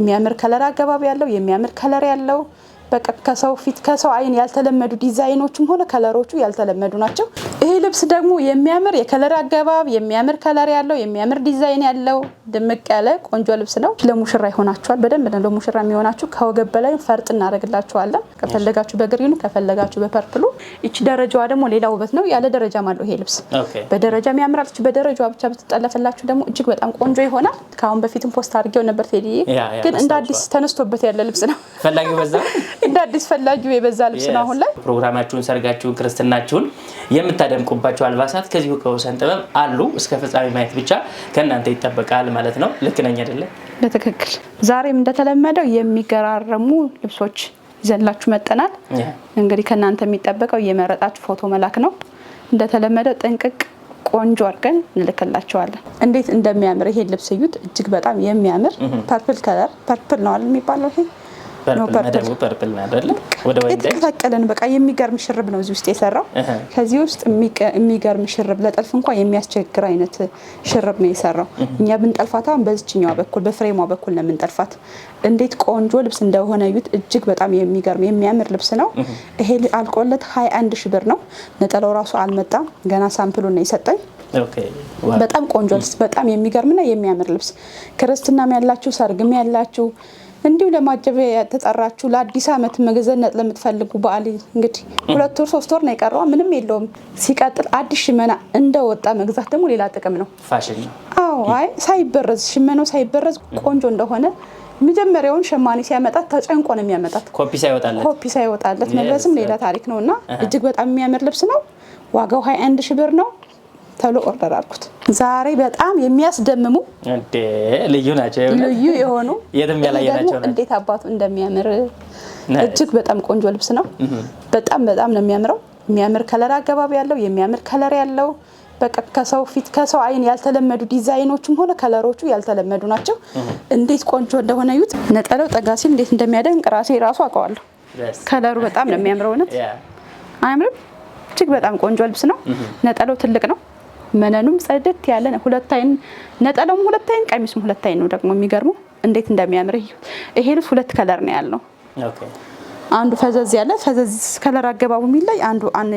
የሚያምር ከለር አገባብ ያለው የሚያምር ከለር ያለው በቃ ከሰው ፊት ከሰው አይን ያልተለመዱ ዲዛይኖችም ሆነ ከለሮቹ ያልተለመዱ ናቸው። ይሄ ልብስ ደግሞ የሚያምር የከለር አገባብ የሚያምር ከለር ያለው የሚያምር ዲዛይን ያለው ድምቅ ያለ ቆንጆ ልብስ ነው። ለሙሽራ ይሆናችኋል። በደንብ ለሙሽራ የሚሆናችሁ። ከወገብ በላይ ፈርጥ እናደርግላችኋለን። ከፈለጋችሁ በግሪኑ ከፈለጋችሁ በፐርፕሉ። ይቺ ደረጃዋ ደግሞ ሌላ ውበት ነው። ያለ ደረጃም አለው ይሄ ልብስ በደረጃም ያምራል። በደረጃዋ ብቻ ብትጠለፍላችሁ ደግሞ እጅግ በጣም ቆንጆ ይሆናል። ከአሁን በፊትም ፖስት አድርጌው ነበር ቴዲ፣ ግን እንደ አዲስ ተነስቶበት ያለ ልብስ ነው። ፈላጊው በዛ እንደ አዲስ ፈላጊው የበዛ ልብስ ነው። አሁን ላይ ፕሮግራማችሁን፣ ሰርጋችሁን፣ ክርስትናችሁን የምታ የሚያደምቁባቸው አልባሳት ከዚሁ ከወሰን ጥበብ አሉ። እስከ ፍጻሜ ማየት ብቻ ከእናንተ ይጠበቃል ማለት ነው። ልክ ነኝ አይደለ? በትክክል ዛሬም እንደተለመደው የሚገራረሙ ልብሶች ይዘንላችሁ መጠናል። እንግዲህ ከእናንተ የሚጠበቀው የመረጣችሁ ፎቶ መላክ ነው። እንደተለመደው ጥንቅቅ ቆንጆ አድርገን እንልክላቸዋለን። እንዴት እንደሚያምር ይሄን ልብስ እዩት። እጅግ በጣም የሚያምር ፐርፕል ከለር ፐርፕል ነው የሚባለው ይሄ ፐርፕል ነው የተቀላቀለን በቃ የሚገርም ሽርብ ነው እዚህ ውስጥ የሰራው። ከዚህ ውስጥ የሚገርም ሽርብ ለጠልፍ እንኳ የሚያስቸግር አይነት ሽርብ ነው የሰራው። እኛ ብንጠልፋታ በዚችኛዋ በኩል በፍሬሟ በኩል ነው የምንጠልፋት። እንዴት ቆንጆ ልብስ እንደሆነ ዩት። እጅግ በጣም የሚገርም የሚያምር ልብስ ነው ይሄ። አልቆለት ሀያ አንድ ሺህ ብር ነው። ነጠላው ራሱ አልመጣም ገና ሳምፕሉ ነው የሰጠኝ። በጣም ቆንጆ ልብስ፣ በጣም የሚገርምና የሚያምር ልብስ ክርስትናም ያላችሁ ሰርግም ያላችሁ እንዲሁ ለማጀብ የተጠራችሁ ለአዲስ ዓመት መገዘነት ለምትፈልጉ በዓል እንግዲህ ሁለት ወር ሶስት ወር ነው የቀረዋ፣ ምንም የለውም። ሲቀጥል አዲስ ሽመና እንደወጣ መግዛት ደግሞ ሌላ ጥቅም ነው። አዎ፣ አይ ሳይበረዝ ሽመናው ሳይበረዝ ቆንጆ እንደሆነ መጀመሪያውን ሸማኔ ሲያመጣት ተጨንቆ ነው የሚያመጣት። ኮፒ ሳይወጣለት ኮፒ ሳይወጣለት ሌላ ታሪክ ነው እና እጅግ በጣም የሚያምር ልብስ ነው። ዋጋው ሀያ አንድ ሺ ብር ነው። ተብሎ ኦርደር አልኩት። ዛሬ በጣም የሚያስደምሙ ልዩ ናቸው። ልዩ የሆኑ እንዴት አባቱ እንደሚያምር እጅግ በጣም ቆንጆ ልብስ ነው። በጣም በጣም ነው የሚያምረው። የሚያምር ከለር አገባብ ያለው የሚያምር ከለር ያለው በቃ ከሰው ፊት ከሰው አይን ያልተለመዱ ዲዛይኖቹም ሆነ ከለሮቹ ያልተለመዱ ናቸው። እንዴት ቆንጆ እንደሆነ ዩት ነጠለው ጠጋ ሲል እንዴት እንደሚያደንቅ ራሴ ራሱ አውቀዋለሁ። ከለሩ በጣም ነው የሚያምረው። እውነት አያምርም? እጅግ በጣም ቆንጆ ልብስ ነው። ነጠለው ትልቅ ነው። መነኑም ጽድት ያለ ሁለት አይን፣ ነጠላውም ሁለት አይን፣ ቀሚሱም ሁለት አይን ነው። ደግሞ የሚገርመው እንዴት እንደሚያምር ይሄ ልብስ ሁለት ከለር ነው ያለው አንዱ ፈዘዝ ያለ ፈዘዝ ከለር አገባቡ የሚለይ አንዱ አን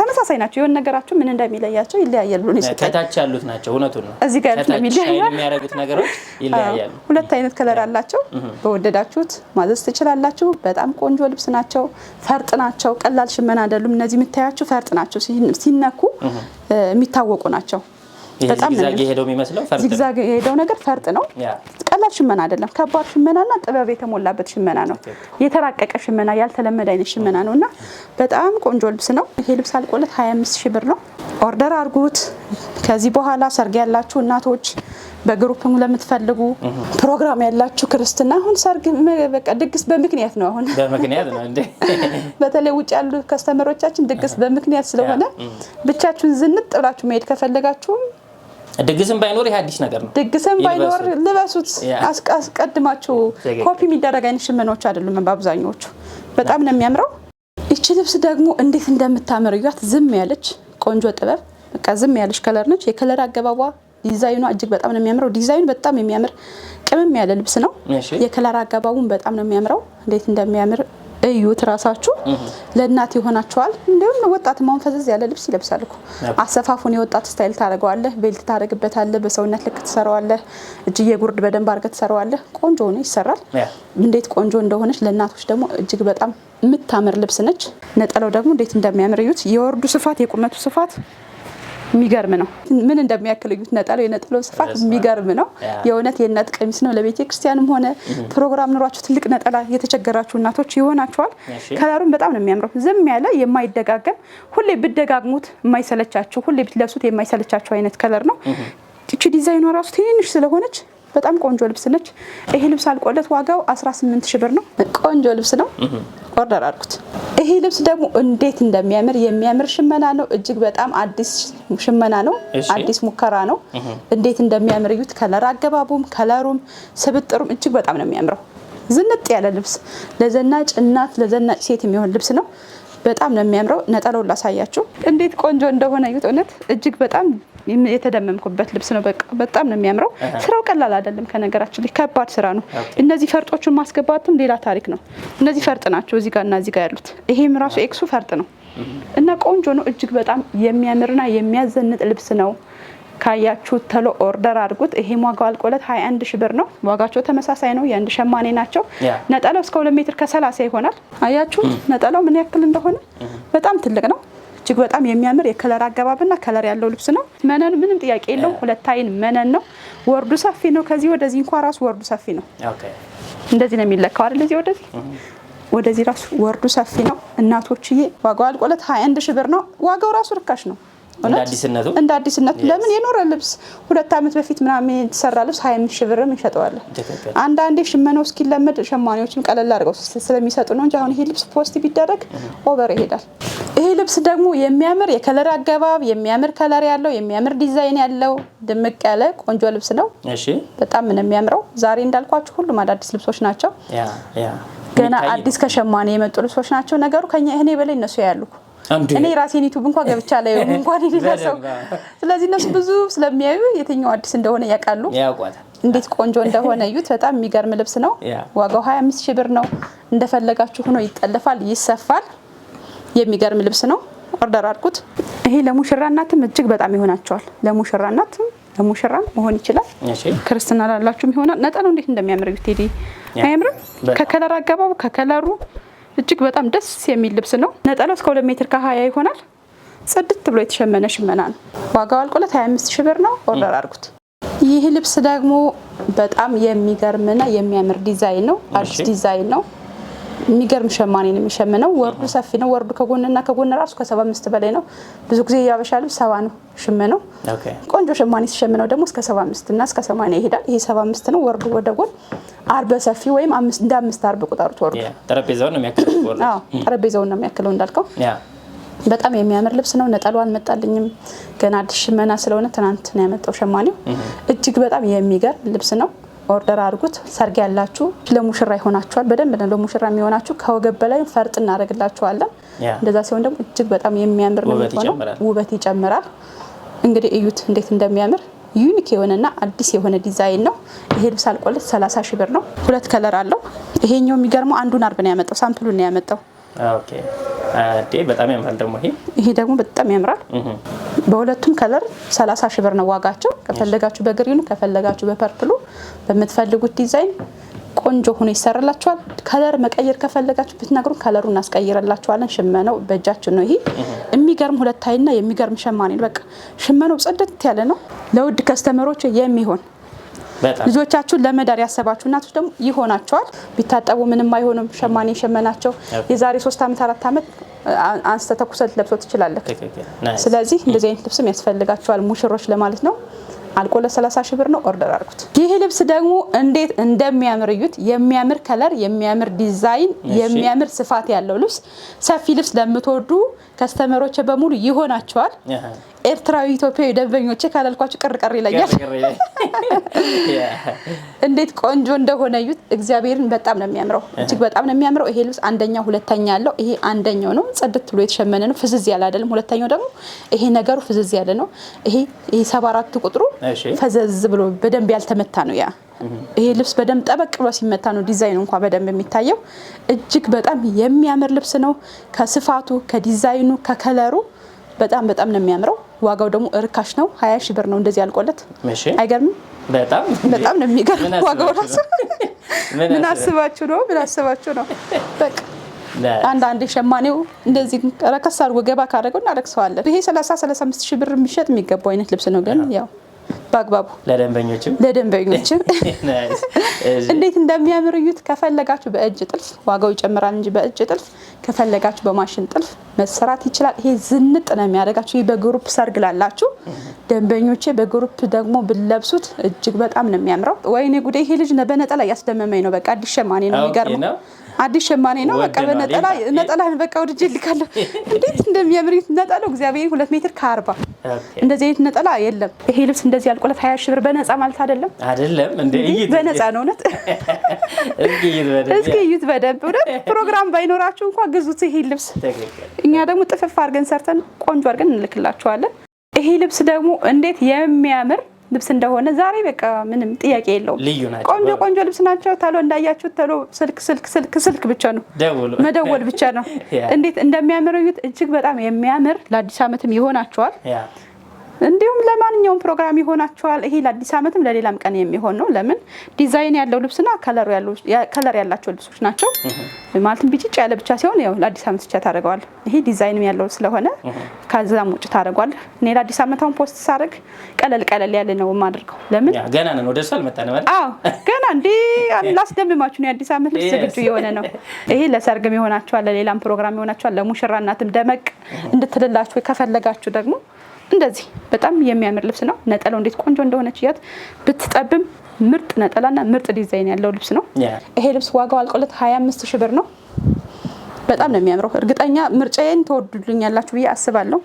ተመሳሳይ ናቸው። የሆነ ነገራቸው ምን እንደሚለያቸው ይለያያሉ። ብሎ ነው። ከታች ያሉት ናቸው። እውነቱ ነው። እዚህ ጋር ያሉት የሚያደርጉት ነገሮች ይለያያሉ። ሁለት አይነት ከለር አላቸው። በወደዳችሁት ማዘዝ ትችላላችሁ። በጣም ቆንጆ ልብስ ናቸው። ፈርጥ ናቸው። ቀላል ሽመና አይደሉም። እነዚህ የምታያቸው ፈርጥ ናቸው። ሲነኩ የሚታወቁ ናቸው። በጣም ዚግዛግ የሄደው ነገር ፈርጥ ነው። ቀላል ሽመና አይደለም። ከባድ ሽመናና ጥበብ የተሞላበት ሽመና ነው። የተራቀቀ ሽመና፣ ያልተለመደ አይነት ሽመና ነው እና በጣም ቆንጆ ልብስ ነው። ይሄ ልብስ አልቆለት 25 ሺ ብር ነው። ኦርደር አድርጉት። ከዚህ በኋላ ሰርግ ያላችሁ እናቶች በግሩፕ ለምትፈልጉ ፕሮግራም ያላችሁ ክርስትና፣ አሁን ሰርግ በቃ ድግስ በምክንያት ነው። አሁን በምክንያት ነው እንዴ? በተለይ ውጭ ያሉ ከስተመሮቻችን ድግስ በምክንያት ስለሆነ ብቻችሁን ዝንጥ ብላችሁ መሄድ ከፈለጋችሁም ድግስም ባይኖር ይህ አዲስ ነገር ነው። ድግስም ባይኖር ልበሱት። አስቀድማችሁ ኮፒ የሚደረግ አይነት ሽመናዎች አይደሉም በአብዛኛዎቹ። በጣም ነው የሚያምረው። ይቺ ልብስ ደግሞ እንዴት እንደምታምር እዩት። ዝም ያለች ቆንጆ ጥበብ፣ በቃ ዝም ያለች ከለር ነች። የከለር አገባቧ ዲዛይኗ እጅግ በጣም ነው የሚያምረው። ዲዛይኑ በጣም የሚያምር ቅምም ያለ ልብስ ነው። የከለር አገባቡን በጣም ነው የሚያምረው። እንዴት እንደሚያምር እዩት ራሳችሁ ለእናት ይሆናችኋል። እንዲሁም ወጣት መሆን ፈዘዝ ያለ ልብስ ይለብሳል እኮ አሰፋፉን የወጣት ስታይል ታደርገዋለህ፣ ቤልት ታደርግበታለህ፣ በሰውነት ልክ ትሰራዋለህ፣ እጅዬ ጉርድ በደንብ አድርገህ ትሰራዋለህ። ቆንጆ ሆኖ ይሰራል። እንዴት ቆንጆ እንደሆነች ለእናቶች ደግሞ እጅግ በጣም የምታምር ልብስ ነች። ነጠላው ደግሞ እንዴት እንደሚያምር እዩት። የወርዱ ስፋት የቁመቱ ስፋት የሚገርም ነው። ምን እንደሚያክልዩት ነጠለው የነጠለው ስፋት የሚገርም ነው። የእውነት የእናት ቀሚስ ነው። ለቤተ ክርስቲያንም ሆነ ፕሮግራም ኑሯችሁ ትልቅ ነጠላ የተቸገራችሁ እናቶች ይሆናችኋል። ከለሩም በጣም ነው የሚያምረው። ዝም ያለ የማይደጋገም ሁሌ ብደጋግሙት የማይሰለቻችሁ ሁሌ ብትለብሱት የማይሰለቻችሁ አይነት ከለር ነው። እቺ ዲዛይኗ ራሱ ትንንሽ ስለሆነች በጣም ቆንጆ ልብስ ነች። ይሄ ልብስ አልቆለት ዋጋው 18 ሺህ ብር ነው። ቆንጆ ልብስ ነው። ኦርደር አድርጉት። ይሄ ልብስ ደግሞ እንዴት እንደሚያምር የሚያምር ሽመና ነው። እጅግ በጣም አዲስ ሽመና ነው። አዲስ ሙከራ ነው። እንዴት እንደሚያምር እዩት። ከለር አገባቡም፣ ከለሩም፣ ስብጥሩም እጅግ በጣም ነው የሚያምረው። ዝንጥ ያለ ልብስ ለዘናጭ እናት ለዘናጭ ሴት የሚሆን ልብስ ነው። በጣም ነው የሚያምረው። ነጠላውን ላሳያችሁ እንዴት ቆንጆ እንደሆነ እዩት። እውነት እጅግ በጣም የተደመምኩበት ልብስ ነው። በቃ በጣም ነው የሚያምረው። ስራው ቀላል አይደለም፣ ከነገራችን ላይ ከባድ ስራ ነው። እነዚህ ፈርጦቹን ማስገባትም ሌላ ታሪክ ነው። እነዚህ ፈርጥ ናቸው እዚህ ጋር እና እዚህ ጋር ያሉት። ይሄም ራሱ ኤክሱ ፈርጥ ነው እና ቆንጆ ነው። እጅግ በጣም የሚያምርና የሚያዘንጥ ልብስ ነው። ካያችሁ ተሎ ኦርደር አድርጉት። ይሄም ዋጋው አልቆለት 21 ሺ ብር ነው። ዋጋቸው ተመሳሳይ ነው። የአንድ ሸማኔ ናቸው። ነጠላው እስከ 2 ሜትር ከ30 ይሆናል። አያችሁ ነጠላው ምን ያክል እንደሆነ በጣም ትልቅ ነው። እጅግ በጣም የሚያምር የከለር አገባብና ከለር ያለው ልብስ ነው። መነኑ ምንም ጥያቄ የለውም። ሁለት አይን መነን ነው። ወርዱ ሰፊ ነው። ከዚህ ወደዚህ እንኳ ራሱ ወርዱ ሰፊ ነው። እንደዚህ ነው የሚለካው አይደል? እዚህ ወደዚህ ወደዚህ ራሱ ወርዱ ሰፊ ነው። እናቶችዬ ዋጋው አልቆለት 21 ሺህ ብር ነው። ዋጋው ራሱ ርካሽ ነው። እንዳዲስነቱ አዲስነቱ ለምን የኖረ ልብስ ሁለት ዓመት በፊት ምናምን የተሰራ ልብስ ሀያ አምስት ሺህ ብርም እንሸጠዋለን። አንዳንዴ ሽመናው እስኪለመድ ሸማኔዎችም ቀለል አድርገው ስለሚሰጡ ነው እንጂ አሁን ይሄ ልብስ ፖስት ቢደረግ ኦቨር ይሄዳል። ይሄ ልብስ ደግሞ የሚያምር የከለር አገባብ የሚያምር ከለር ያለው የሚያምር ዲዛይን ያለው ድምቅ ያለ ቆንጆ ልብስ ነው። በጣም ነው የሚያምረው። ዛሬ እንዳልኳችሁ ሁሉም አዳዲስ ልብሶች ናቸው። ገና አዲስ ከሸማኔ የመጡ ልብሶች ናቸው። ነገሩ ከኛ እኔ በላይ እነሱ ያሉ እኔ ራሴን ዩቱብ እንኳ ገብቻ ላይ እንኳን የሌላ ሰው። ስለዚህ እነሱ ብዙ ስለሚያዩ የትኛው አዲስ እንደሆነ ያውቃሉ። እንዴት ቆንጆ እንደሆነ እዩት። በጣም የሚገርም ልብስ ነው። ዋጋው 25 ሺህ ብር ነው። እንደፈለጋችሁ ሆኖ ይጠለፋል፣ ይሰፋል። የሚገርም ልብስ ነው። ኦርደር አድርጉት። ይሄ ለሙሽራ እናትም እጅግ በጣም ይሆናቸዋል። ለሙሽራ እናትም ለሙሽራ መሆን ይችላል። ክርስትና ላላችሁም ይሆናል። ነጠላው እንዴት እንደሚያምር ቴዲ አያምርም? ከከለር አገባቡ ከከለሩ እጅግ በጣም ደስ የሚል ልብስ ነው። ነጠላው እስከ ሁለት ሜትር ከሀያ ይሆናል። ጽድት ብሎ የተሸመነ ሽመና ነው። ዋጋው አልቆለት 25 ሺ ብር ነው። ኦርደር አድርጉት። ይህ ልብስ ደግሞ በጣም የሚገርምና የሚያምር ዲዛይን ነው። አዲስ ዲዛይን ነው። የሚገርም ሸማኔ ነው የሚሸምነው። ወርዱ ሰፊ ነው። ወርዱ ከጎንና ከጎን ራሱ ከሰባ አምስት በላይ ነው። ብዙ ጊዜ ያበሻ ልብስ ሰባ ነው ሽምነው። ቆንጆ ሸማኔ ሲሸምነው ደግሞ እስከ ሰባ አምስት እና እስከ ሰማንያ ይሄዳል። ይሄ ሰባ አምስት ነው። ወርዱ ወደ ጎን አርበ ሰፊ ወይም እንደ አምስት አርብ ቁጠሩት። ወርዱ ጠረጴዛውን ነው የሚያክለው እንዳልከው በጣም የሚያምር ልብስ ነው። ነጠሉ አልመጣልኝም ገና አዲስ ሽመና ስለሆነ ትናንት ነው ያመጣው ሸማኔው። እጅግ በጣም የሚገርም ልብስ ነው። ኦርደር አድርጉት። ሰርግ ያላችሁ ለሙሽራ ይሆናችኋል። በደንብ ለሙሽራ የሚሆናችሁ ከወገብ በላይ ፈርጥ እናደርግላችኋለን። እንደዛ ሲሆን ደግሞ እጅግ በጣም የሚያምር ነው የሚሆነው። ውበት ይጨምራል። እንግዲህ እዩት እንዴት እንደሚያምር ዩኒክ የሆነና አዲስ የሆነ ዲዛይን ነው። ይሄ ልብስ አልቆለት 30 ሺ ብር ነው። ሁለት ከለር አለው። ይሄኛው የሚገርመው አንዱን አርብ ነው ያመጣው፣ ሳምፕሉን ነው ያመጣው። በጣም ያምራል ደግሞ ይሄ ደግሞ በጣም ያምራል። በሁለቱም ከለር 30 ሺ ብር ነው ዋጋቸው። ከፈለጋችሁ በግሪኑ ከፈለጋችሁ በፐርፕሉ በምትፈልጉት ዲዛይን ቆንጆ ሆኖ ይሰራላችኋል። ከለር መቀየር ከፈለጋችሁ ብትነግሩን ከለሩ እናስቀይረላችኋለን። ሽመነው በእጃችን ነው። ይሄ የሚገርም ሁለት አይና የሚገርም ሸማኔ በቃ ሽመነው ጽድት ያለ ነው። ለውድ ከስተመሮች የሚሆን ልጆቻችሁን ለመዳር ያሰባችሁ እናቶች ደግሞ ይሆናቸዋል። ቢታጠቡ ምንም አይሆንም። ሸማኔ የሸመናቸው የዛሬ ሶስት ዓመት አራት ዓመት አንስተ ተኩሰት ለብሶ ትችላለህ። ስለዚህ እንደዚህ አይነት ልብስም ያስፈልጋቸዋል ሙሽሮች ለማለት ነው። አልቆ ለ30 ሺህ ብር ነው። ኦርደር አድርጉት። ይህ ልብስ ደግሞ እንዴት እንደሚያምር እዩት። የሚያምር ከለር፣ የሚያምር ዲዛይን፣ የሚያምር ስፋት ያለው ልብስ ሰፊ ልብስ ለምትወዱ ከስተመሮች በሙሉ ይሆናቸዋል። ኤርትራዊ ኢትዮጵያዊ ደንበኞቼ ካላልኳቸው ቅርቅር ይለኛል። እንዴት ቆንጆ እንደሆነ እዩት። እግዚአብሔርን በጣም ነው የሚያምረው፣ እጅግ በጣም ነው የሚያምረው። ይሄ ልብስ አንደኛ ሁለተኛ ያለው ይሄ አንደኛው ነው። ጽድት ብሎ የተሸመነ ነው፣ ፍዝዝ ያለ አይደለም። ሁለተኛው ደግሞ ይሄ ነገሩ ፍዝዝ ያለ ነው። ይሄ ሰባ አራቱ ቁጥሩ ፈዘዝ ብሎ በደንብ ያልተመታ ነው ያ ይሄ ልብስ በደንብ ጠበቅ ብሎ ሲመታ ነው ዲዛይኑ እንኳ በደንብ የሚታየው። እጅግ በጣም የሚያምር ልብስ ነው። ከስፋቱ፣ ከዲዛይኑ፣ ከከለሩ በጣም በጣም ነው የሚያምረው። ዋጋው ደግሞ እርካሽ ነው። ሀያ ሺህ ብር ነው እንደዚህ ያልቆለት። አይገርምም? በጣም በጣም ነው የሚገርም ዋጋው ራሱ። ምን አስባችሁ ነው? ምን አስባችሁ ነው? በቃ አንዳንድ ሸማኔው እንደዚህ ረከስ አድርጎ ገባ ካደረገው እናረግሰዋለን። ይሄ 30 35 ሺህ ብር የሚሸጥ የሚገባው አይነት ልብስ ነው ግን ያው በአግባቡ ለደንበኞችም ለደንበኞችም እንዴት እንደሚያምር እዩት። ከፈለጋችሁ በእጅ ጥልፍ ዋጋው ይጨምራል እንጂ በእጅ ጥልፍ ከፈለጋችሁ በማሽን ጥልፍ መሰራት ይችላል። ይሄ ዝንጥ ነው የሚያደርጋችሁ። ይህ በግሩፕ ሰርግ ላላችሁ ደንበኞቼ፣ በግሩፕ ደግሞ ብለብሱት እጅግ በጣም ነው የሚያምረው። ወይኔ ጉዴ! ይሄ ልጅ በነጠላ እያስደመመኝ ነው። በቃ አዲስ ሸማኔ ነው የሚገርመው አዲስ ሸማኔ ነው። በቃ በነጠላ ነጠላን በቃ ወድጄ ልካለሁ። እንዴት እንደሚያምር ነጠላው እግዚአብሔር ሁለት ሜትር ከአርባ እንደዚህ አይነት ነጠላ የለም። ይሄ ልብስ እንደዚህ ያልቆለት ሀያ ሺህ ብር በነፃ ማለት አይደለም አይደለም፣ በነፃ ነው። እውነት እስኪ እዩት በደንብ እውነት። ፕሮግራም ባይኖራችሁ እንኳ ግዙት ይሄ ልብስ። እኛ ደግሞ ጥፍፍ አድርገን ሰርተን ቆንጆ አድርገን እንልክላችኋለን። ይሄ ልብስ ደግሞ እንዴት የሚያምር ልብስ እንደሆነ ዛሬ በቃ ምንም ጥያቄ የለውም። ቆንጆ ቆንጆ ልብስ ናቸው። ተሎ እንዳያችሁ ተሎ ስልክ ስልክ ስልክ ስልክ ብቻ ነው መደወል ብቻ ነው። እንዴት እንደሚያምር እዩት። እጅግ በጣም የሚያምር ለአዲስ ዓመትም ይሆናቸዋል። እንዲሁም ለማንኛውም ፕሮግራም ይሆናቸዋል። ይሄ ለአዲስ ዓመትም ለሌላም ቀን የሚሆን ነው። ለምን ዲዛይን ያለው ልብስና ከለር ያላቸው ልብሶች ናቸው። ማለትም ቢጭጭ ያለ ብቻ ሲሆን ያው ለአዲስ ዓመት ብቻ ታደርገዋል። ይሄ ዲዛይንም ያለው ስለሆነ ከዛም ውጭ ታደርጓል። እኔ ለአዲስ ዓመት አሁን ፖስት ሳደርግ ቀለል ቀለል ያለ ነው የማደርገው። ለምን ገና ነን፣ ወደ እሱ አልመጣንም አዎ ገና እንዴ ላስደምማችሁ ነው። የአዲስ ዓመት ልብስ ዝግጁ የሆነ ነው። ይሄ ለሰርግም ይሆናቸዋል፣ ለሌላም ፕሮግራም ይሆናቸዋል። ለሙሽራ እናትም ደመቅ እንድትልላችሁ ከፈለጋችሁ ደግሞ እንደዚህ በጣም የሚያምር ልብስ ነው። ነጠላው እንዴት ቆንጆ እንደሆነች እያት። ብትጠብም ምርጥ ነጠላና ምርጥ ዲዛይን ያለው ልብስ ነው። ይሄ ልብስ ዋጋው አልቆለት 25 ሺህ ብር ነው። በጣም ነው የሚያምረው። እርግጠኛ ምርጫዬን ተወዱልኝ ብዬ አስባለሁ።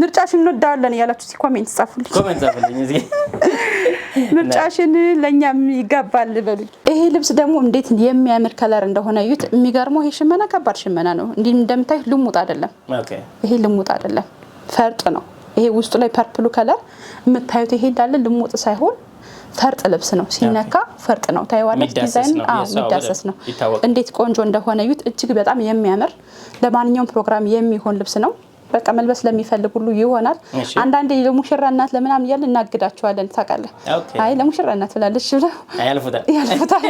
ምርጫሽን እንወዳዋለን ያላችሁ ሲ ኮሜንት ጻፉልኝ፣ ምርጫሽን ለእኛም ይጋባል በሉኝ። ይሄ ልብስ ደግሞ እንዴት የሚያምር ከለር እንደሆነ እዩት። የሚገርመው ይሄ ሽመና ከባድ ሽመና ነው። እንዲህ እንደምታይ ልሙጥ አይደለም፣ ይሄ ልሙጥ አይደለም፣ ፈርጥ ነው። ይሄ ውስጡ ላይ ፐርፕሉ ከለር የምታዩት ይሄ እንዳለ ልሞጥ ሳይሆን ፈርጥ ልብስ ነው። ሲነካ ፈርጥ ነው። ታይዋለች። ዲዛይን የሚዳሰስ ነው። እንዴት ቆንጆ እንደሆነ ዩት። እጅግ በጣም የሚያምር ለማንኛውም ፕሮግራም የሚሆን ልብስ ነው። በቃ መልበስ ለሚፈልግ ሁሉ ይሆናል። አንዳንዴ ለሙሽራ እናት ለምናምን እናግዳቸዋለን። ታውቃለህ? አይ ለሙሽራ እናት ብላለች ብለው ያልፉታል።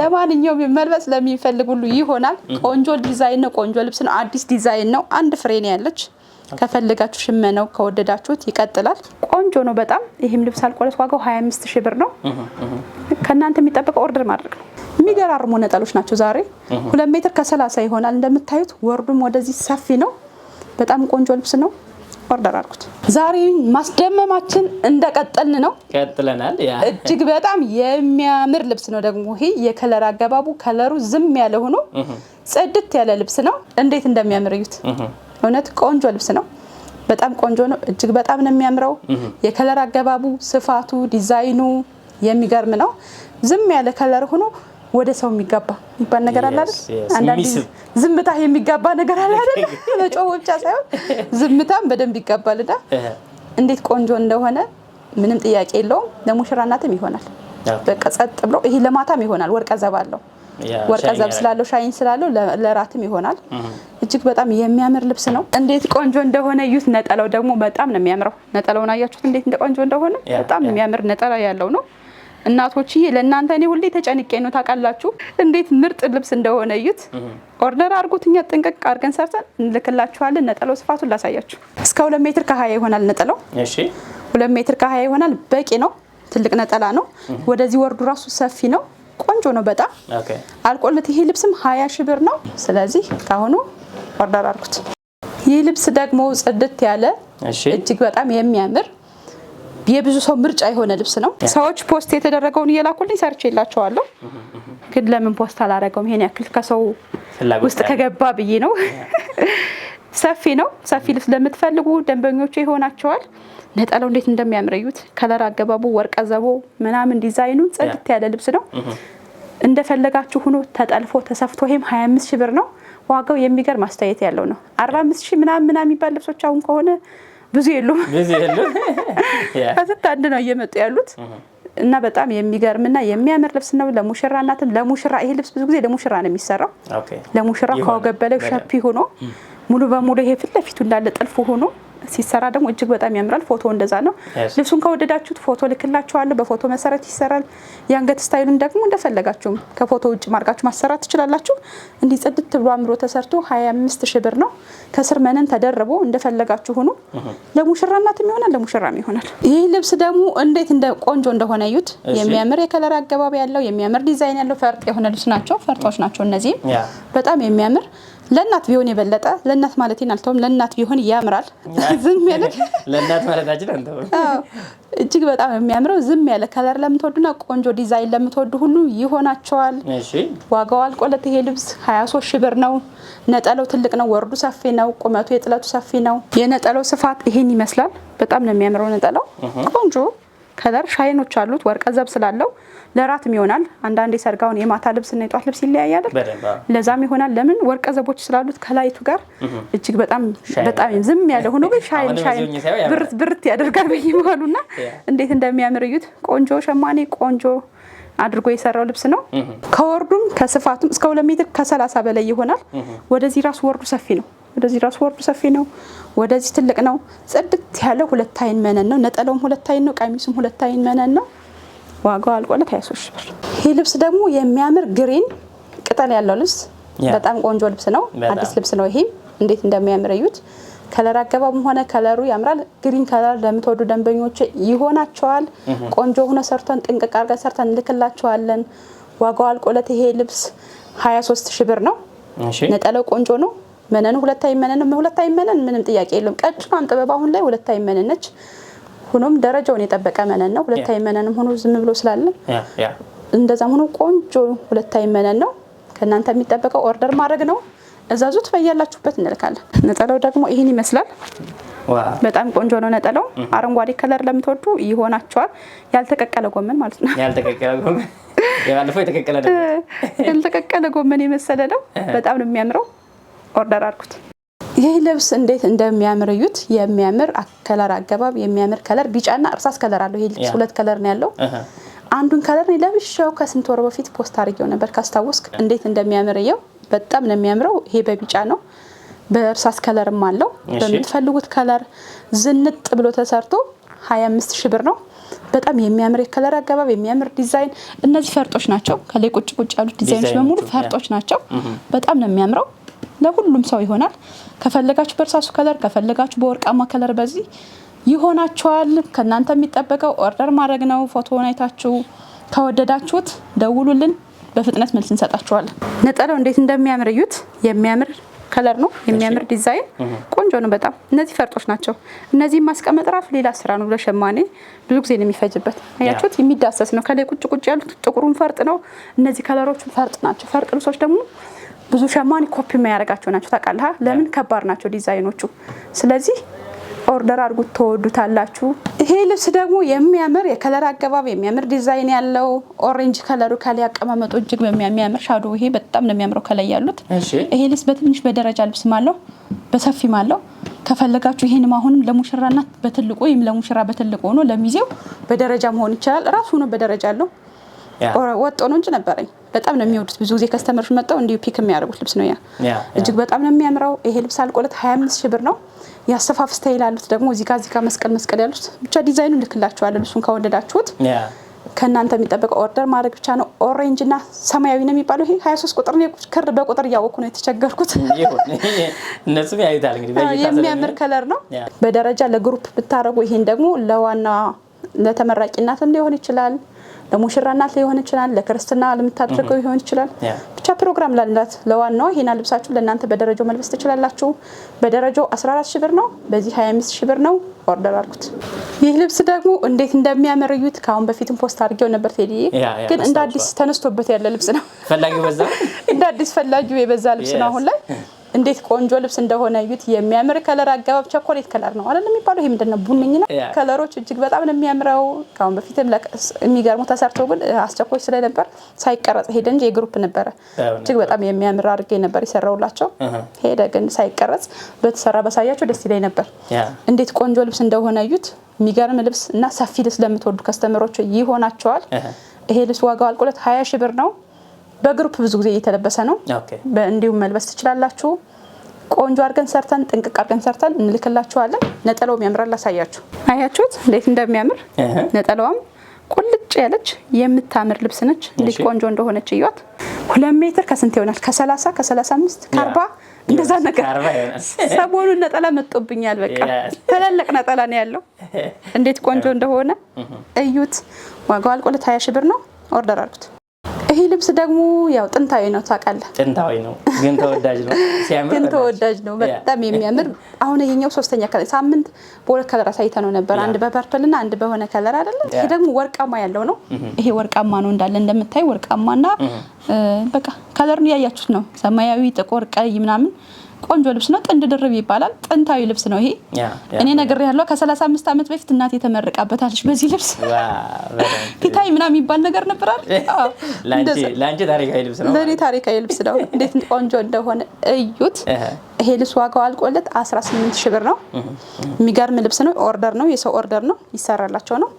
ለማንኛውም መልበስ ለሚፈልግ ሁሉ ይሆናል። ቆንጆ ዲዛይን ነው። ቆንጆ ልብስ ነው። አዲስ ዲዛይን ነው። አንድ ፍሬን ያለች ከፈለጋችሁ ሽመነው ከወደዳችሁት ይቀጥላል። ቆንጆ ነው በጣም ይህም ልብስ አልቆለት ዋጋው 25 ሺህ ብር ነው። ከእናንተ የሚጠበቀው ኦርደር ማድረግ ነው። የሚገራርሙ ነጠሎች ናቸው። ዛሬ ሁለት ሜትር ከሰላሳ ይሆናል እንደምታዩት። ወርዱም ወደዚህ ሰፊ ነው። በጣም ቆንጆ ልብስ ነው። ኦርደር አድርጉት። ዛሬ ማስደመማችን እንደቀጠልን ነው። ቀጥለናል። እጅግ በጣም የሚያምር ልብስ ነው። ደግሞ ይሄ የከለር አገባቡ ከለሩ ዝም ያለ ሆኖ ጽድት ያለ ልብስ ነው። እንዴት እንደሚያምር እዩት። እውነት ቆንጆ ልብስ ነው። በጣም ቆንጆ ነው። እጅግ በጣም ነው የሚያምረው። የከለር አገባቡ፣ ስፋቱ፣ ዲዛይኑ የሚገርም ነው። ዝም ያለ ከለር ሆኖ ወደ ሰው የሚጋባ የሚባል ነገር አለ አይደል? አንዳንድ ዝምታ የሚጋባ ነገር አለ አይደል? መጮህ ብቻ ሳይሆን ዝምታም በደንብ ይጋባልና እንዴት ቆንጆ እንደሆነ ምንም ጥያቄ የለውም። ለሙሽራ እናትም ይሆናል። በቃ ጸጥ ብሎ ይሄ ለማታም ይሆናል። ወርቀ ዘብ አለው። ወርቀ ዘብ ስላለው ሻይን ስላለው ለራትም ይሆናል። እጅግ በጣም የሚያምር ልብስ ነው። እንዴት ቆንጆ እንደሆነ እዩት። ነጠላው ደግሞ በጣም ነው የሚያምረው። ነጠላውን አያችሁት እንዴት እንደ ቆንጆ እንደሆነ። በጣም የሚያምር ነጠላ ያለው ነው። እናቶችዬ ለእናንተ እኔ ሁሌ ተጨንቄ ነው ታውቃላችሁ። እንዴት ምርጥ ልብስ እንደሆነ እዩት። ኦርደር አድርጉት። እኛ ጥንቅቅ አድርገን ሰርተን እንልክላችኋለን። ነጠላው ስፋቱን ላሳያችሁ። እስከ ሁለት ሜትር ከሀያ ይሆናል ነጠላው። ሁለት ሜትር ከሀያ ይሆናል። በቂ ነው። ትልቅ ነጠላ ነው። ወደዚህ ወርዱ ራሱ ሰፊ ነው። ቆንጆ ነው በጣም አልቆለት። ይሄ ልብስም ሀያ ሺ ብር ነው። ስለዚህ ካሁኑ ኦርደር አድርኩት። ይህ ልብስ ደግሞ ጽድት ያለ እጅግ በጣም የሚያምር የብዙ ሰው ምርጫ የሆነ ልብስ ነው። ሰዎች ፖስት የተደረገውን እየላኩልኝ ሰርች የላቸዋለሁ፣ ግን ለምን ፖስት አላረገውም ይሄን ያክል ከሰው ውስጥ ከገባ ብዬ ነው። ሰፊ ነው። ሰፊ ልብስ ለምትፈልጉ ደንበኞቹ ይሆናቸዋል። ነጠላው እንዴት እንደሚያምረዩት ከለር አገባቡ፣ ወርቀ ዘቦ ምናምን ዲዛይኑ ጽድት ያለ ልብስ ነው። እንደፈለጋችሁ ሁኖ ተጠልፎ ተሰፍቶ ይሄም 25 ሺህ ብር ነው። ዋጋው የሚገርም አስተያየት ያለው ነው። አርባ አምስት ሺህ ምናምን ምናምን የሚባል ልብሶች አሁን ከሆነ ብዙ የሉም ከስንት አንድ ነው እየመጡ ያሉት እና በጣም የሚገርምና የሚያምር ልብስ ነው። ለሙሽራ እናትም ለሙሽራ ይሄ ልብስ ብዙ ጊዜ ለሙሽራ ነው የሚሰራው። ለሙሽራ ከወገብ በላይ ሸፒ ሆኖ ሙሉ በሙሉ ይሄ ፊት ለፊቱ እንዳለ ጥልፍ ሆኖ ሲሰራ ደግሞ እጅግ በጣም ያምራል። ፎቶ እንደዛ ነው። ልብሱን ከወደዳችሁት ፎቶ ልክላችኋለሁ። በፎቶ መሰረት ይሰራል። የአንገት ስታይሉን ደግሞ እንደፈለጋችሁም ከፎቶ ውጭ ማርጋችሁ ማሰራት ትችላላችሁ። እንዲህ ጽድት ብሎ አምሮ ተሰርቶ ሀያ አምስት ሺህ ብር ነው። ከስር መነን ተደርቦ እንደፈለጋችሁ ሁኑ። ለሙሽራናትም ይሆናል፣ ለሙሽራም ይሆናል። ይህ ልብስ ደግሞ እንዴት ቆንጆ እንደሆነ እዩት። የሚያምር የከለር አገባቢ ያለው የሚያምር ዲዛይን ያለው ፈርጥ የሆነ ልብስ ናቸው፣ ፈርጦች ናቸው። እነዚህም በጣም የሚያምር ለእናት ቢሆን የበለጠ ለእናት ማለት አልተውም። ለእናት ቢሆን ያምራል። ዝም ያለ ለእናት ማለታችን አንተውም። እጅግ በጣም የሚያምረው ዝም ያለ ከለር ለምትወዱና ቆንጆ ዲዛይን ለምትወዱ ሁሉ ይሆናቸዋል። ዋጋው አልቆለት ይሄ ልብስ 23 ሺ ብር ነው። ነጠለው ትልቅ ነው፣ ወርዱ ሰፊ ነው፣ ቁመቱ የጥለቱ ሰፊ ነው። የነጠለው ስፋት ይሄን ይመስላል። በጣም ነው የሚያምረው ነጠለው። ቆንጆ ከለር ሻይኖች አሉት ወርቀ ዘብ ስላለው ለራትም ይሆናል። አንዳንዴ ሰርጋውን የማታ ልብስና የጧት ልብስ ይለያያል። ለዛም ይሆናል። ለምን ወርቀ ዘቦች ስላሉት ከላይቱ ጋር እጅግ በጣም በጣም ዝም ያለ ሆኖ ግን ሻይን ሻይን ብርት ብርት ያደርጋል በየመሃሉ እና እንዴት እንደሚያምር እዩት። ቆንጆ ሸማኔ ቆንጆ አድርጎ የሰራው ልብስ ነው። ከወርዱም ከስፋቱም እስከ ሁለት ሜትር ከሰላሳ በላይ ይሆናል። ወደዚህ ራሱ ወርዱ ሰፊ ነው። ወደዚህ ራሱ ወርዱ ሰፊ ነው። ወደዚህ ትልቅ ነው። ጽድት ያለ ሁለት አይን መነን ነው። ነጠላውም ሁለት አይን ነው። ቀሚሱም ሁለት አይን መነን ነው። ዋጋው አልቆለት 23 ብር። ይህ ልብስ ደግሞ የሚያምር ግሪን ቅጠል ያለው ልብስ በጣም ቆንጆ ልብስ ነው። አዲስ ልብስ ነው። ይሄም እንዴት እንደሚያምር እዩት። ከለር አገባቡም ሆነ ከለሩ ያምራል። ግሪን ከለር ለምትወዱ ደንበኞች ይሆናቸዋል። ቆንጆ ሆነ ሰርተን ጥንቅቅ አርገን ሰርተን እንልክላቸዋለን። ዋጋው አልቆለት ይሄ ልብስ 23 ሺ ብር ነው። ነጠለው ቆንጆ ነው። መነኑ ሁለት አይመነን ሁለት አይመነን ምንም ጥያቄ የለውም። ቀጭኗም ጥበብ አሁን ላይ ሁለት አይመነነች ነች። ሆኖም ደረጃውን የጠበቀ መነን ነው። ሁለታዊ መነንም ሆኖ ዝም ብሎ ስላለ እንደዛም ሆኖ ቆንጆ ሁለታዊ መነን ነው። ከእናንተ የሚጠበቀው ኦርደር ማድረግ ነው። እዛዙት በያላችሁበት እንልካለን። ነጠላው ደግሞ ይህን ይመስላል። በጣም ቆንጆ ነው ነጠላው። አረንጓዴ ከለር ለምትወዱ ይሆናቸዋል። ያልተቀቀለ ጎመን ማለት ነው። ያልተቀቀለ ጎመን ያልተቀቀለ ጎመን የመሰለ ነው። በጣም ነው የሚያምረው። ኦርደር አድርጉት። ይህ ልብስ እንዴት እንደሚያምር እዩት። የሚያምር ከለር አገባብ፣ የሚያምር ከለር ቢጫና እርሳስ ከለር አለው። ይህ ልብስ ሁለት ከለር ነው ያለው። አንዱን ከለር ለብሻው ከስንት ወር በፊት ፖስት አድርጌው ነበር ካስታወስክ። እንዴት እንደሚያምር እየው። በጣም ነው የሚያምረው። ይሄ በቢጫ ነው በእርሳስ ከለርም አለው። በምትፈልጉት ከለር ዝንጥ ብሎ ተሰርቶ 25 ሺህ ብር ነው። በጣም የሚያምር የከለር አገባብ የሚያምር ዲዛይን። እነዚህ ፈርጦች ናቸው። ከላይ ቁጭ ቁጭ ያሉት ዲዛይኖች በሙሉ ፈርጦች ናቸው። በጣም ነው የሚያምረው። ለሁሉም ሰው ይሆናል። ከፈለጋችሁ በእርሳሱ ከለር፣ ከፈለጋችሁ በወርቃማ ከለር በዚህ ይሆናችኋል። ከእናንተ የሚጠበቀው ኦርደር ማድረግ ነው። ፎቶውን አይታችሁ ከወደዳችሁት ደውሉልን፣ በፍጥነት መልስ እንሰጣችኋለን። ነጠላው እንዴት እንደሚያምር እዩት። የሚያምር ከለር ነው። የሚያምር ዲዛይን ቆንጆ ነው በጣም። እነዚህ ፈርጦች ናቸው። እነዚህ ማስቀመጥ ራፍ ሌላ ስራ ነው ለሸማኔ ብዙ ጊዜ ነው የሚፈጅበት። አያችሁት፣ የሚዳሰስ ነው። ከላይ ቁጭ ቁጭ ያሉት ጥቁሩን ፈርጥ ነው። እነዚህ ከለሮቹ ፈርጥ ናቸው። ፈርጥ ልብሶች ደግሞ ብዙ ሸማኔ ኮፒ የሚያደርጋቸው ናቸው። ታውቃለህ፣ ለምን ከባድ ናቸው ዲዛይኖቹ። ስለዚህ ኦርደር አድርጉት፣ ተወዱታላችሁ። ይሄ ልብስ ደግሞ የሚያምር የከለር አገባብ የሚያምር ዲዛይን ያለው ኦሬንጅ ከለሩ ከላይ አቀማመጡ እጅግ በሚያሚያምር ሻዶ፣ ይሄ በጣም ነው የሚያምረው ከላይ ያሉት። ይሄ ልብስ በትንሽ በደረጃ ልብስ ማለው በሰፊ ማለው ከፈለጋችሁ ይሄንም አሁንም ለሙሽራና በትልቁ ወይም ለሙሽራ በትልቁ ሆኖ ለሚዜው በደረጃ መሆን ይችላል። ራሱ ሆኖ በደረጃ አለው። ወጥ ሆኖ እንጂ ነበረኝ በጣም ነው የሚወዱት። ብዙ ጊዜ ከስተመሮች መጣው እንዲሁ ፒክ የሚያደርጉት ልብስ ነው። ያ እጅግ በጣም ነው የሚያምረው። ይሄ ልብስ አልቆለት 25 ሺ ብር ነው። የአሰፋፍ ስታይል አሉት ደግሞ እዚህ ጋር እዚህ ጋር መስቀል መስቀል ያሉት ብቻ ዲዛይኑ ልክላችኋለሁ። ልብሱን ከወደዳችሁት ከእናንተ የሚጠበቀው ኦርደር ማድረግ ብቻ ነው። ኦሬንጅ እና ሰማያዊ ነው የሚባለው ይሄ 23 ቁጥር ክር በቁጥር እያወቁ ነው የተቸገርኩት። እነሱም ያዩታል እንግዲህ የሚያምር ከለር ነው። በደረጃ ለግሩፕ ብታደረጉ ይሄን ደግሞ ለዋና ለተመራቂ እናትም ሊሆን ይችላል ለሙሽራ እናት ሊሆን ይችላል፣ ለክርስትና ለምታደርገው ሊሆን ይችላል። ብቻ ፕሮግራም ላላት ለዋናዋ ይሄና ልብሳችሁ ለእናንተ በደረጃው መልበስ ትችላላችሁ። በደረጃው 14 ሺ ብር ነው፣ በዚህ 25 ሺ ብር ነው ኦርደር አልኩት። ይህ ልብስ ደግሞ እንዴት እንደሚያምር እዩት። ከአሁን በፊትም ፖስት አድርጌው ነበር ቴዲ፣ ግን እንደ አዲስ ተነስቶበት ያለ ልብስ ነው። ፈላጊው በዛ እንደ አዲስ ፈላጊው የበዛ ልብስ ነው አሁን ላይ እንዴት ቆንጆ ልብስ እንደሆነ እዩት። የሚያምር ከለር አገባብ ቸኮሌት ከለር ነው አይደል የሚባለው? ይሄ ምንድን ነው ቡንኝ ነው። ከለሮች እጅግ በጣም ነው የሚያምረው። ካሁን በፊትም የሚገርሙ ተሰርቶ ግን አስቸኮች ስለነበር ሳይቀረጽ ሄደ እንጂ የግሩፕ ነበረ። እጅግ በጣም የሚያምር አድርጌ ነበር የሰራውላቸው። uh-huh. ሄደ ግን ሳይቀረጽ በተሰራ በሳያቸው ደስ ይለኝ ነበር። እንዴት ቆንጆ ልብስ እንደሆነ እዩት። የሚገርም ልብስ እና ሰፊ ልብስ ለምትወዱ ከስተመሮች ይሆናቸዋል። uh-huh. ይሄ ልብስ ዋጋው አልቆለት ሀያ ሺህ ብር ነው። በግሩፕ ብዙ ጊዜ እየተለበሰ ነው። እንዲሁም መልበስ ትችላላችሁ። ቆንጆ አድርገን ሰርተን ጥንቅቅ አድርገን ሰርተን እንልክላችኋለን። ነጠላውም ያምራል። ላሳያችሁ። አያችሁት እንዴት እንደሚያምር ነጠላዋም ቁልጭ ያለች የምታምር ልብስ ነች። እንዴት ቆንጆ እንደሆነች እያት ሁለት ሜትር ከስንት ይሆናል? ከሰላሳ ከሰላሳ አምስት ከአርባ እንደዛ ነገር። ሰሞኑን ነጠላ መጦብኛል። በቃ ትልልቅ ነጠላ ነው ያለው። እንዴት ቆንጆ እንደሆነ እዩት። ዋጋው አልቆለት ሀያ ሺህ ብር ነው። ኦርደር አድርጉት። ይሄ ልብስ ደግሞ ያው ጥንታዊ ነው ታውቃለህ። ጥንታዊ ነው ግን ተወዳጅ ነው። ሲያምር ግን ተወዳጅ ነው። በጣም የሚያምር አሁን የኛው ሶስተኛ ከለር ሳምንት በሁለት ከለር አሳይተ ነው ነበር። አንድ በፐርፕል እና አንድ በሆነ ከለር አይደለ? ይሄ ደግሞ ወርቃማ ያለው ነው። ይሄ ወርቃማ ነው እንዳለ እንደምታይ እና በቃ ከለሩን ያያችሁት ነው። ሰማያዊ፣ ጥቁር፣ ቀይ ምናምን ቆንጆ ልብስ ነው። ጥንድ ድርብ ይባላል። ጥንታዊ ልብስ ነው ይሄ። እኔ ነገር ያለው ከሰላሳ አምስት ዓመት በፊት እናቴ ተመርቃበታለች በዚህ ልብስ። ፊታይ ምናምን የሚባል ነገር ነበራል። ታሪካዊ ልብስ ነው፣ ለእኔ ታሪካዊ ልብስ ነው። እንዴት ቆንጆ እንደሆነ እዩት። ይሄ ልብስ ዋጋው አልቆለት 18 ሺ ብር ነው። የሚገርም ልብስ ነው። ኦርደር ነው፣ የሰው ኦርደር ነው፣ ይሰራላቸው ነው።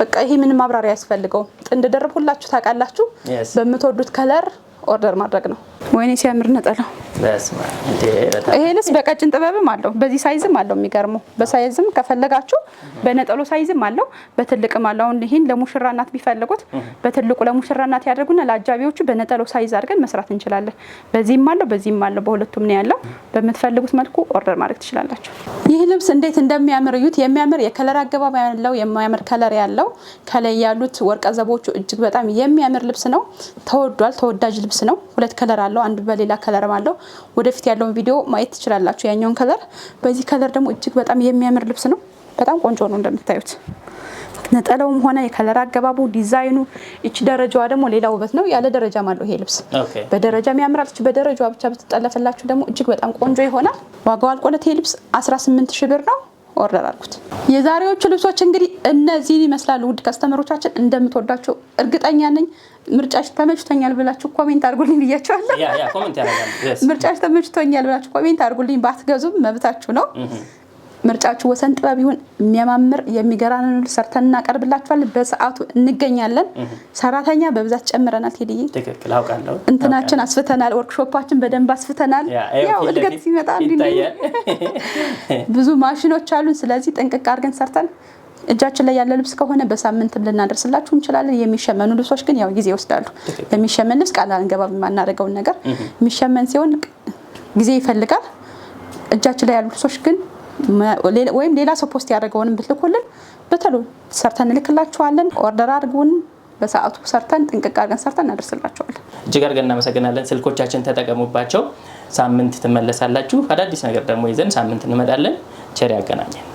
በቃ ይሄ ምን ማብራሪያ ያስፈልገው? ጥንድ ድርብ ሁላችሁ ታውቃላችሁ። በምትወዱት ከለር ኦርደር ማድረግ ነው። ወይኔ ሲያምር ነጠላው ይሄንስ በቀጭን ጥበብም አለው፣ በዚህ ሳይዝም አለው። የሚገርመው በሳይዝም ከፈለጋችሁ በነጠሎ ሳይዝም አለው፣ በትልቅም አለው። አሁን ይህን ለሙሽራ እናት ቢፈልጉት በትልቁ ለሙሽራ እናት ያደርጉና ለአጃቢዎቹ በነጠሎ ሳይዝ አድርገን መስራት እንችላለን። በዚህም አለው፣ በዚህም አለው፣ በሁለቱም ነው ያለው። በምትፈልጉት መልኩ ኦርደር ማድረግ ትችላላችሁ። ይህ ልብስ እንዴት እንደሚያምር እዩት። የሚያምር የከለር አገባብ ያለው የሚያምር ከለር ያለው ከላይ ያሉት ወርቀ ዘቦቹ እጅግ በጣም የሚያምር ልብስ ነው። ተወዷል። ተወዳጅ ልብስ ነው። ሁለት ከለር አለው፣ አንዱ በሌላ ከለርም አለው ወደፊት ያለውን ቪዲዮ ማየት ትችላላችሁ። ያኛውን ከለር በዚህ ከለር ደግሞ እጅግ በጣም የሚያምር ልብስ ነው። በጣም ቆንጆ ነው እንደምታዩት ነጠላውም ሆነ የከለር አገባቡ ዲዛይኑ። እቺ ደረጃዋ ደግሞ ሌላ ውበት ነው። ያለ ደረጃም አለው ይሄ ልብስ በደረጃም ያምራለች። በደረጃዋ ብቻ ብትጠለፍላችሁ ደግሞ እጅግ በጣም ቆንጆ ይሆናል። ዋጋው አልቆለት ይሄ ልብስ 18 ሺ ብር ነው። ኦርደር አልኩት። የዛሬዎቹ ልብሶች እንግዲህ እነዚህን ይመስላሉ። ውድ ከስተመሮቻችን እንደምትወዳቸው እርግጠኛ ነኝ። ምርጫሽ ተመችቶኛል ብላችሁ ኮሜንት አድርጉልኝ ብያቸዋለሁ። ምርጫሽ ተመችቶኛል ብላችሁ ኮሜንት አድርጉልኝ። ባትገዙም መብታችሁ ነው። ምርጫችሁ ወሰን ጥበብ ይሁን። የሚያማምር የሚገራንን ሰርተን እናቀርብላችኋለን። በሰዓቱ እንገኛለን። ሰራተኛ በብዛት ጨምረናል። ቴዲዬ ትክክል አውቃለሁ። እንትናችን አስፍተናል። ወርክሾፓችን በደንብ አስፍተናል። ያው እድገት ሲመጣ ብዙ ማሽኖች አሉን። ስለዚህ ጥንቅቅ አድርገን ሰርተን እጃችን ላይ ያለ ልብስ ከሆነ በሳምንትም ልናደርስላችሁ እንችላለን። የሚሸመኑ ልብሶች ግን ያው ጊዜ ይወስዳሉ። ለሚሸመን ልብስ ቃል አንገባም። የማናደርገውን ነገር የሚሸመን ሲሆን ጊዜ ይፈልጋል። እጃችን ላይ ያሉ ልብሶች ግን ወይም ሌላ ሰው ፖስት ያደርገውን ብትልኩልን በተሎ ሰርተን እንልክላችኋለን። ኦርደር አድርጉን። በሰዓቱ ሰርተን ጥንቅቅ አድርገን ሰርተን እናደርስላቸዋለን። እጅግ አድርገን እናመሰግናለን። ስልኮቻችን ተጠቀሙባቸው። ሳምንት ትመለሳላችሁ። አዳዲስ ነገር ደግሞ ይዘን ሳምንት እንመጣለን። ቸር ያገናኘን።